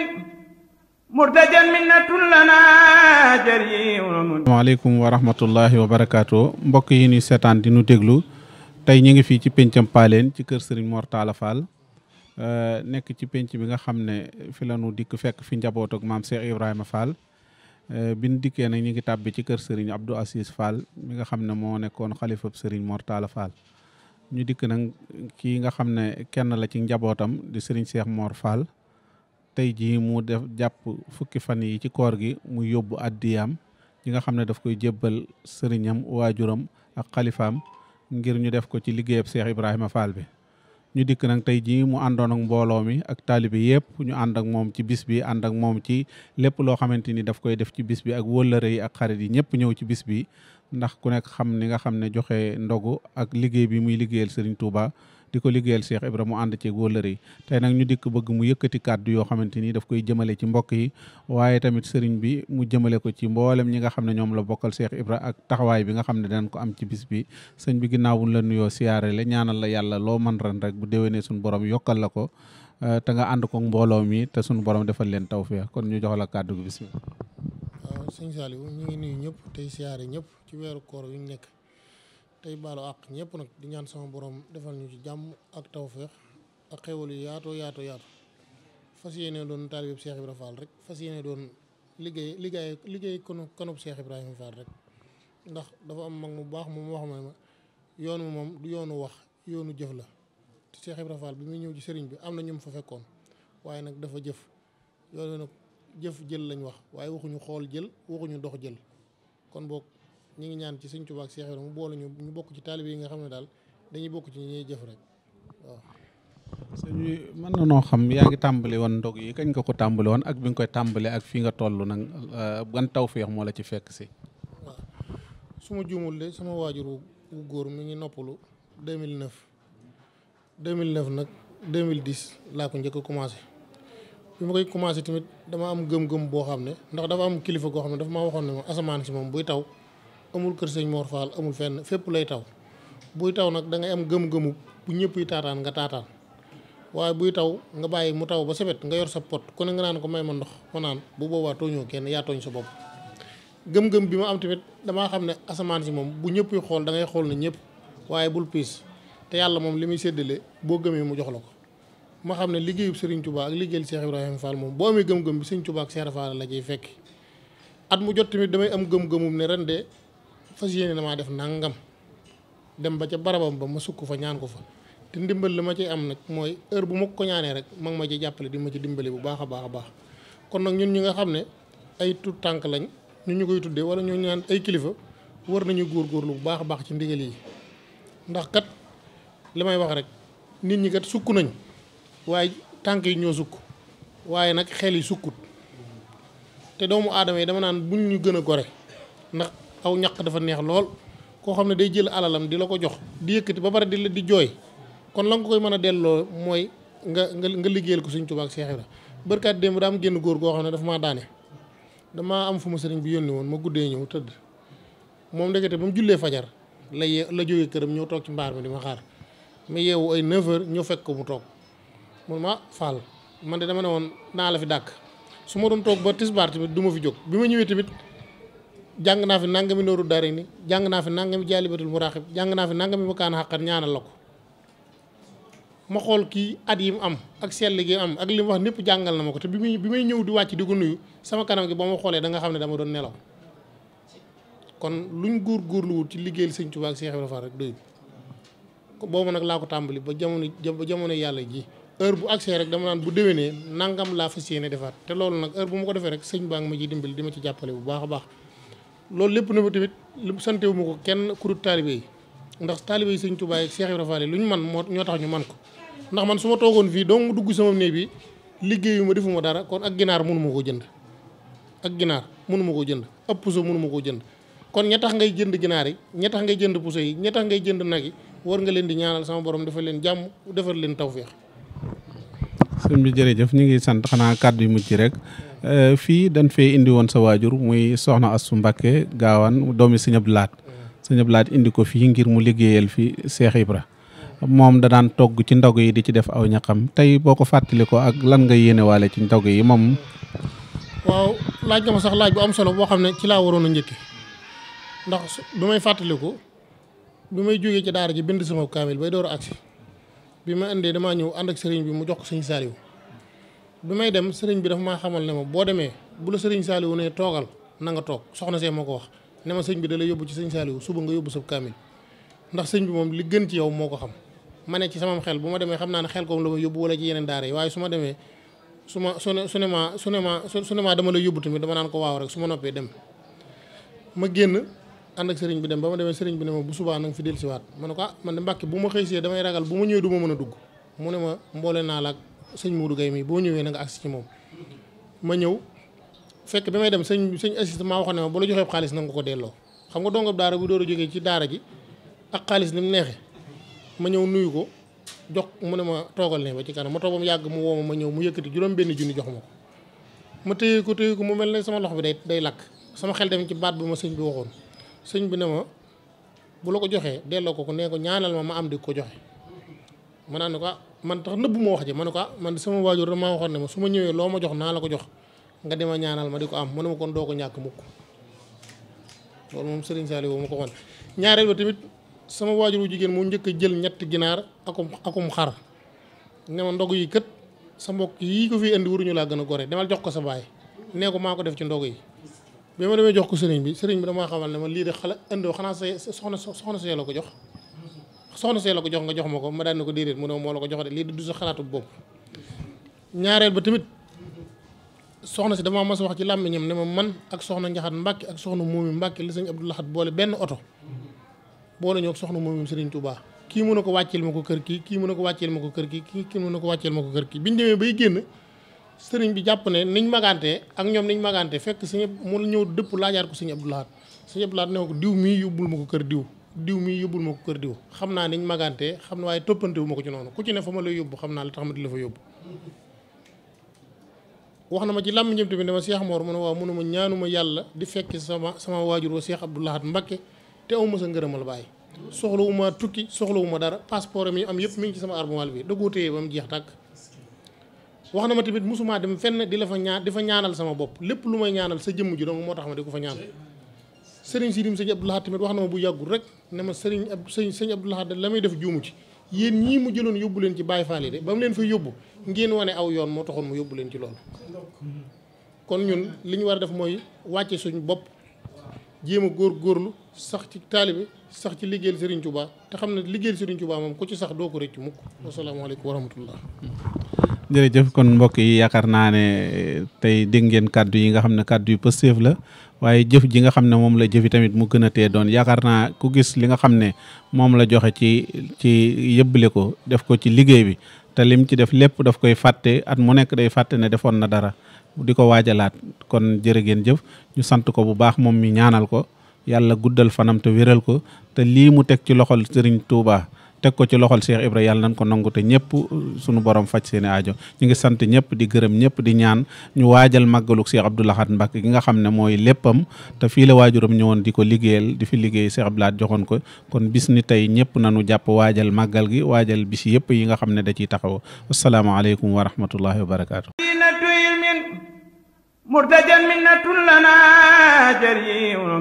asalaamaaleykum wa rahmatullahi wa barakaatu mbokk yi ñuy seetaan di nu déglu tey ñu ngi fii ci péncam paaleen ci kër Serigne Mor Talla euh, nekk ci pénc mi nga xam ne fi la dikk fekk fi njaboot ak maam Cheikh Ibrahima Fall euh, bin dikkee nag ñu ngi tàbbi ci kër sëriñ Abdou Assis Fall mi nga xam ne moo nekkoon xalifab Serigne Mor Talla ñu dikk nag kii nga xam ne kenn la ci njabootam di Serigne Cheikh Mor Fall tey jii mu def jàpp fukki fan yi ci koor gi mu yóbbu addiyaam yi nga xam ne daf koy jébbal sëriñam waajuram ak xalifaam ngir ñu def ko ci liggéeyam Seex Ibrahima Fall bi ñu dikk nag tey jii mu àndoon ak mbooloo mi ak taalibe yépp ñu ànd ak moom ci bis bi ànd ak moom ci lépp loo xamante ni daf koy def ci bis bi ak wëllëre yi ak xarit yi ñëpp ñëw ci bis bi ndax ku nekk xam ni nga xam ne joxe ndogu ak liggéey bi muy liggéeyal Serigne Touba di ko liggéeyal Cheikh Ibra mu ànd ceeg wóllëre yi tey nag ñu dikk bëgg mu yëkkati kàddu yoo xamante ni koy jëmale ci mbokk yi waaye tamit sëriñ bi mu jëmale ko ci mboolem ñi ne ñoom la bokkal Cheikh Ibra ak taxawaay bi nga xam la nuyoo siyaare la loo man ren rek bu déwénee suñu borom yokkal la ko eh, te nga ànd mi te suñu borom defal leen tawfeex kon ñu jox la kàddu gi bismillah waaw sëñ Saliou ñu ngi a ñëpp tey siyaare ñëpp ci tey baalu àq ñëpp nag di ñaan sama boroom defal ñu ci jàmm ak tawféex ak xéwal yu yaatoo yaato yaatu fas yéene doon taalib Cheikh Ibra Fall rek fas yéene doon liggéey liggéey liggéey konu kanub Cheikh Ibrahima Fall rek ndax dafa am mag mu baax moom wax ma ma yoonu moom du yoonu wax yoonu jëf la te Cheikh Ibra bi mu ñëw ci sëriñ bi am na ñu mu fa fekkoon waaye nag dafa jëf yoonu nag jëf jël lañ wax waaye waxuñu xool jël waxuñu dox jël kon boog ñu ngi ñaan ci sëñ Tuubaa ak mu boole ñu ñu bokk ci taalibe yi nga xam ne daal dañuy bokk ci ñi ñuy jëf rek waaw suñuy mën na noo xam yaa ngi tàmbali woon ndog yi kañ nga ko tàmbali woon ak bi nga koy tàmbali ak fi nga toll nag euh, ban tawféex moo la ci fekk si su ma juumul de waajur góor mi ngi noppalu 2009 2009 nag 2010 laa ko njëkk a commencé bi ma koy commencé tamit dama am gëm-gëm boo xam ne ndax dafa am kilifa goo xam ne dafa ma waxoon ne ma asamaan si moom buy taw amul kër sëñ Mor Fall amul fenn fépp lay taw buy taw nag da ngay am gëm-gëmu bu ñëpp yi taataan nga taataan waaye buy taw nga bàyyi mu taw ba sebet nga yor sa pot ku ne nga naan ko may ma ndox ko naan bu boobaa tooñoo kenn yaa tooñ sa bopp gëm-gëm bi ma am tamit damaa xam ne asamaan si moom bu ñëpp xool da xool na ñëpp waaye bul piis te yàlla moom li muy séddale boo gëmee mu jox la ko ma xam ne liggéeyub Serigne Touba ak liggéeyal Cheikh Ibrahima Fall moom boo amee gëm-gëm bi ak Cheikh Fall la ciy fekk at mu jot tamit damay am gëm-gëmum ne ren de fas yéene damaa def nangam dem ba ca barabam ba ma sukk fa ñaan ko fa te ndimbal li ma ci am nag mooy heure bu ma ko ñaanee rek ma ma ci jàppale di ma ci dimbali bu baax a baax a baax kon nag ñun ñi nga xam ne ay tut tànk lañ ñu ñu koy tuddee wala ñu ñaan ay kilifa war nañu góor góorgóorlu bu baax a baax ci ndigal yi ndax kat li may wax rek nit ñi kat sukk nañ waaye tànk yi ñoo sukk waaye nag xel yi sukkut te doomu aadama yi dama naan bu ñu gën a gore ndax aw ñaq dafa neex lool koo xam ne day jël alalam di la ko jox di yëkkati ba pare di la di jooy kon la nga koy mën a delloo mooy nga nga nga liggéeyal ko suñ Tuubaa ak Seex Ibra bërkaat démb daa am génn góor goo xam ne dafa ma daane damaa am fu ma sëriñ bi yónni woon ma guddee ñëw tëdd moom ndekete ba mu jullee fajar la yee la jógee këram ñëw toog ci mbaar mi di ma xaar ma yeewu ay 9h ñëw fekk ko mu toog mun ma faal man de dama ne woon naa la fi dàkk su ma doon toog ba tisbaar tamit du ma fi jóg bi ma ñëwee tamit jàng naa fi nangami nooru dara ni jàng naa fi nangami jaalibatul muraaxib jàng naa fi nangami bukaan xaqan ñaanal la ko ma xool kii at yi mu am ak sell gi am ak li mu wax népp jàngal na ma ko te bi muy bi may ñëw di wàcc di ko sama kanam gi ba ma xoolee da xam ne dama doon nelaw kon luñ góor góorluwul ci liggéeyal sëñ ak Seex Ibra Faal rek doyul boobu nag laa ko tàmbali ba jamono ba jamono yàlla ji heure bu accès rek dama naan bu déwénee nangam laa fas yéene defaat te loolu nag heure bu ma ko defee rek sëñ baa ngi ma ci dimbali di ma ci jàppale bu baax a baax loolu lépp na ma tamit lu sante ko kenn kurut taalibe yi ndax taalibe yi sëñ Tuubaa ak Seex lu ñu man moo ñoo tax ñu man ko ndax man su ma toogoon fii dong dugg sama néeg bi liggéeyu ma defuma dara kon ak ginaar mënu ma koo jënd ak ginaar mënu ma koo jënd ab puso mënu koo jënd kon ña tax ngay jënd ginaar yi ña tax ngay jënd puso yi ña tax ngay jënd nag yi war nga leen di ñaanal sama borom defal leen jàmm defal leen tawféex sëñ bi jëf ñu ngi sant xanaa kàddu yu mujj rek euh, fii dañ fee indi woon sa waajur muy soxna Astu Mbàkke gaawaan doomi sëñ Abdu Laat sëñ Abdu Laat indi ko fii ngir mu liggéeyal fi Seex Ibra moom da daan togg ci ndog yi di ci def aw ñaqam tey boo ko fàttali ko ak lan nga yéenewaale ci ndog yi moom waaw laaj nga ma sax laaj bu am solo boo xam ne ci laa waroon a njëkki ndax bi may fàttaliku bi may jógee ci daara ji bind sama kaamil bay door a bi ma indee damaa ñëw ànd ak sëriñ bi mu jox ko sëñ Saliou bi may dem sëriñ bi dafa maa xamal ne ma boo demee bu la sëriñ Saliou ne toogal na nga toog soxna see moo ko wax ne ma sëñ bi da lay yóbbu ci sëñ Saliou suba nga yóbbu sab kaamil ndax sëñ bi moom li gën ci yow moo ko xam ma ne ci samam xel bu ma demee xam naa ne xel koom la ma yóbbu wala ci yeneen daara yi waaye su ma demee su ma su ne su ne ma su ne ma su ne dama lay yóbbu tamit dama naan ko waaw rek su ma noppee dem ànd ak sëriñ bi dem ba ma demee sëriñ bi ne ma bu subaa na nga fi dellusiwaat ma ne ko ah man de mbàkke bu ma xëysee damay ragal bu ma ñëwee du ma mën a dugg mu ne ma mboole naa la ak sëñ Modou Gaye boo ñëwee na nga agsi ci moom ma ñëw fekk bi may dem sëñ sëñ assistant maa waxoon ne ma la joxee xaalis na nga ko delloo xam nga dongab daara bu door a ci daara ji ak xaalis ni mu neexee ma ñëw nuyu ko jox mu ne ma toogal ne ba ci kanam ma toog mu yàgg mu woo ma ma ñëw mu yëkkati juróom benn junni jox ko ma téye ko téye ko mu mel ne sama loxo bi day day lakk sama xel dem ci baat bi ma sëñ bi waxoon sëñ bi ne ma bu la ko joxee delloo ko ko nee ko ñaanal ma ma am di ko joxe ma naa ne ko ah, man tax nëbbu ma wax ji ma ne ko ah, man sama waajur da maa waxoon ne ma su ma ñëwee ma jox naa ko jox nga dema ñaanal ma di ko am mu ne ma kon doo ko ñàkk mukk moom Serigne Saliou ma ko ñaareel ba tamit sama waajur wu jigéen moo njëkk a jël ñetti ginaar akum akum xar ne ma ndog yi kët sa mbokk yii ko fi indi waruñu laa gën a gore demal jox ko sa baay nee ko maa ko def ci ndog yi bi ma demee jox ko sëriñ bi sëriñ bi damaa xamal ne ma lii de xala indoo xanaa sa soxna soxna see la ko jox soxna see la ko jox nga jox ma ko ma daan ko déedéet mu ne la ko jox lii du sa xalaatu ñaareel ba tamit soxna si damaa mas wax ci làmmiñam ne ma man ak soxna njaxat mbàkke ak soxna muumi mbàkke li sëñ Abdou Lahad boole benn oto boole ñoo ak soxna muumi sëriñ Tuubaa kii mun na ko wàcceel ma ko kër kii kii mun na ko wàcceel ma ko kër kii kii mun na ko wàcceel ma ko kër kii biñ demee bay génn sëriñ bi jàpp ne niñ magante ak ñoom niñ magante fekk sëñ mu ñëw dëpp laajaat ko sëñ Abdou Lahad sëñ Abdou Lahad ne ko diw mii yóbbul ma ko kër diw diw mii yóbbul ma ko kër diw xam naa niñ magante xam na waaye toppantewuma ko ci noonu ku ci ne fa ma lay yóbbu xam naa la tax ma di la fa yóbbu wax na ma ci làmmiñam tamit dama ma Mor mu ne waaw mu ne ma ñaanuma yàlla di fekk sama sama waajur wa Cheikh Abdou Lahad Mbacké te awma sa ngërëmal bàyyi soxlawuma tukki soxlawuma dara passeport mi am yëpp mi ngi ci sama armoire bi da koo téye ba mu jeex wax na ma tamit mosumaa dem fenn di la fa ñaan di ñaanal sama bopp lépp lu may ñaanal sa jëmm ji dong moo tax ma di ko fa ñaan sëriñ si dim sëñ Abdou Lahad tamit wax na ma bu yàggul rek ne ma sëriñ ab sëñ sëñ Abdou Lahad la muy def juumu ci yéen ñii mu jëloon yóbbu leen ci Baye Fall yi de ba mu leen fa yóbbu ngeen wane aw yoon moo taxoon mu yóbbu leen ci loolu kon ñun li ñu war a def mooy wàcce suñu bopp jéem a góor góorlu sax ci taalibe sax ci liggéeyal Serigne Touba te xam ne liggéeyal Serigne Touba moom ku ci sax doo ko rëcc mukk wasalaamaaleykum wa jërëjëf kon mbokk yi yaakaar naa ne tey dégg ngeen kàddu yi nga xam ne kàddu yu positif la waaye jëf ji nga xam ne moom la jëfi tamit mu gën a tee doon yaakaar naa gis li nga xam ne moom la joxe ci ci yëbbale ko def ko ci liggéey bi te lim ci def lépp daf koy fàtte at mu nekk day fàtte ne defoon na dara di ko waajalaat kon jërë ngeen jëf ñu sant ko bu baax moom mi ñaanal ko yàlla guddal fanam te wéral ko te lii mu teg ci loxol Sëriñ Tuubaa teg ko ci loxol Cheikh Ibra yàlla nañ ko nangu te ñëpp sunu borom faj seen aajo ñu ngi sant ñëpp di gërëm ñëpp di ñaan ñu waajal màggaluk Cheikh Abdou Lahad ki nga xam ne mooy léppam te fii la waajuram ñëwoon di ko liggéeyal di fi liggéey Cheikh Abdou Lahad joxoon ko kon bis ni tey ñëpp nañu jàpp waajal màggal gi waajal bis yëpp yi nga xam ne da ciy taxaw asalaamaaleykum wa rahmatullahi wa barakaatu مرتجى منة لنا جريء